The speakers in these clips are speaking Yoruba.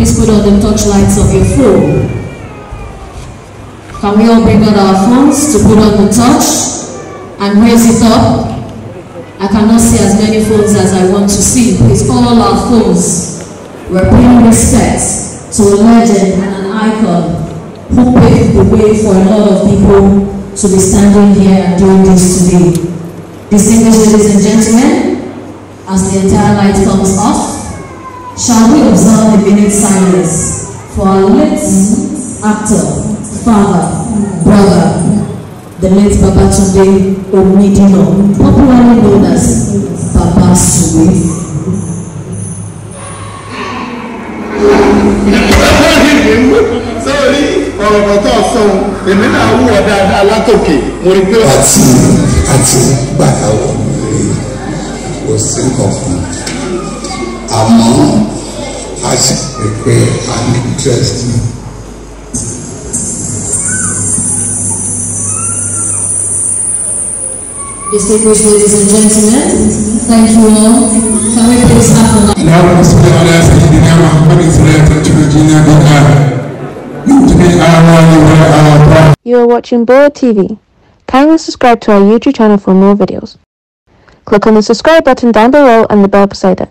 Please put on the lights of your phone. Can we all bring out our phones to put on the touch and raise it up? I cannot see as many phones as I want to see. Please all our phones. We're paying respect to a legend and an icon who paved the way for a lot of people to be standing here and doing this today. Distinguished ladies and gentlemen, as the entire light comes off, Shall we observe the minute silence for our late actor, father, brother, the late Babatunde Omidino, popularly known as Baba Suwe. sórí ọ̀rọ̀ tó sọ èmi náà wúwo dáadáa látòkè mo rí pé. àti àti gbàgbọ́ mi rí kò sí nǹkan a interest Distinguished ladies and gentlemen, thank you all. Can we please have a You are watching Boa TV. Kindly subscribe to our YouTube channel for more videos. Click on the subscribe button down below and the bell beside it.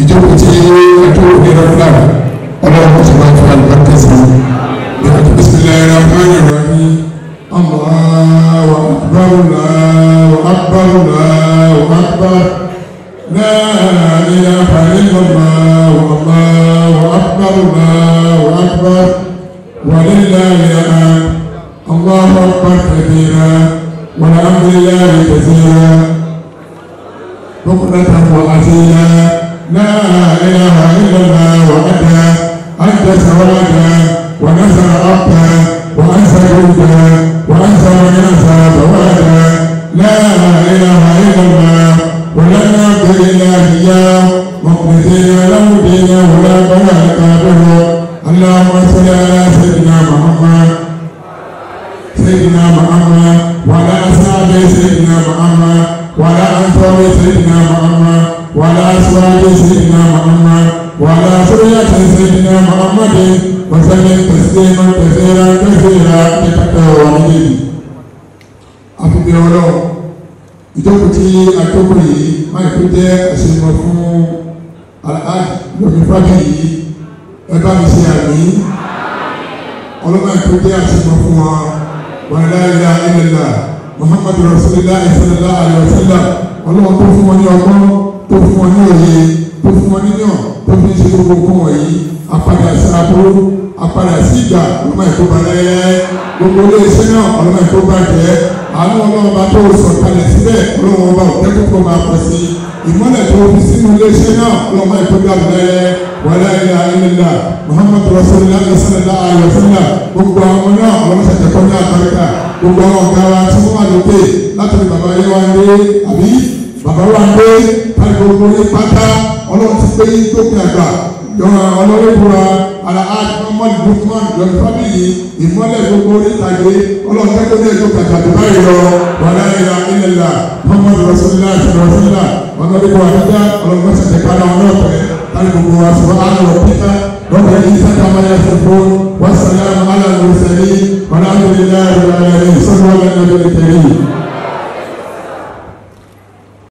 ìjókòó tí adúlọ̀ ní rẹ́gúlà ọlọ́run tó máa ń fi àlùbáríkà sí i ní àtúbísílẹ̀ rahman rahim Allahu akbar Allahu akbar Allahu akbar la ilaha illallah Allahu akbar Allahu akbar walillahil hamd Allahu akbar kabira walhamdulillahi kathira bukratan wa asila. لا إله إلا الله وحده أنت سواده ونزل أبدا وأنسى جوده وأنسى من ينسى لا إله إلا الله ولن نعبد إلا إياه مخلصين له دينه ولا بلاء قابله اللهم صل على سيدنا محمد سيدنا محمد وعلى أصحاب سيدنا محمد وعلى أنصار سيدنا محمد أزواج سيدنا محمد وعلى سرية سيدنا محمد وسلم تسليما كثيرا كثيرا لتكرمه àfihàn ọlọ́run ìjókòó tí àjókòó yìí máa fi jẹ́ àṣeyọmọ fún aláàjì lórí fábí yìí ẹ bá mi ṣe àmì ọlọ́run àti jẹ́ àṣeyọmọ fún wa wọn láyà ilẹ̀ la muhammadu rasulillah sallallahu alaihi wasallam ọlọ́run tó fún wọn ní ọgbọ́n tó fún wọn ní òye tó fún wọn níyàn tó fi ń ṣe gbogbo nǹkan wọ̀nyí apádà sí aburú apádà sí ìgbà ọlọ́mọ ẹ̀kọ́ balẹ̀ gbogbo iléeṣẹ́ náà ọlọ́mọ ẹ̀kọ́ bàjẹ́ àánú ọlọ́ọba tó sọ̀kalẹ̀ síbẹ̀ ọlọ́wọ́ ọba òtẹ́kọ̀kọ̀ máa pọ̀ sí ìmọ́lẹ̀ tó fi sínú iléeṣẹ́ náà ọlọ́mọ ẹ̀kọ́ balẹ̀ wàlá ilà ilà muhammadu rasulillah sallallahu alayhi wa bàbá wa pé káàkiri gbogbo ní pátá ọlọ́run ti pé yín tó fi àgbà jọra ọlọ́run ìbúra ara àjọmọ́lì bukman lọ́dún fábíyì ìmọ́lẹ̀ gbogbo nítàgé ọlọ́run tẹ́kọ̀ọ́ ní ètò kàkàtì báyìí lọ wàlá ìlà ìlẹ̀là muhammed rasulillah rasulillah ọ̀nà ìbò àdúgbà ọlọ́run mẹ́sàn ti kára ọlọ́ọ̀fẹ́ káàkiri gbogbo wa sọ àlọ́ pípa lọ́kọ̀ọ́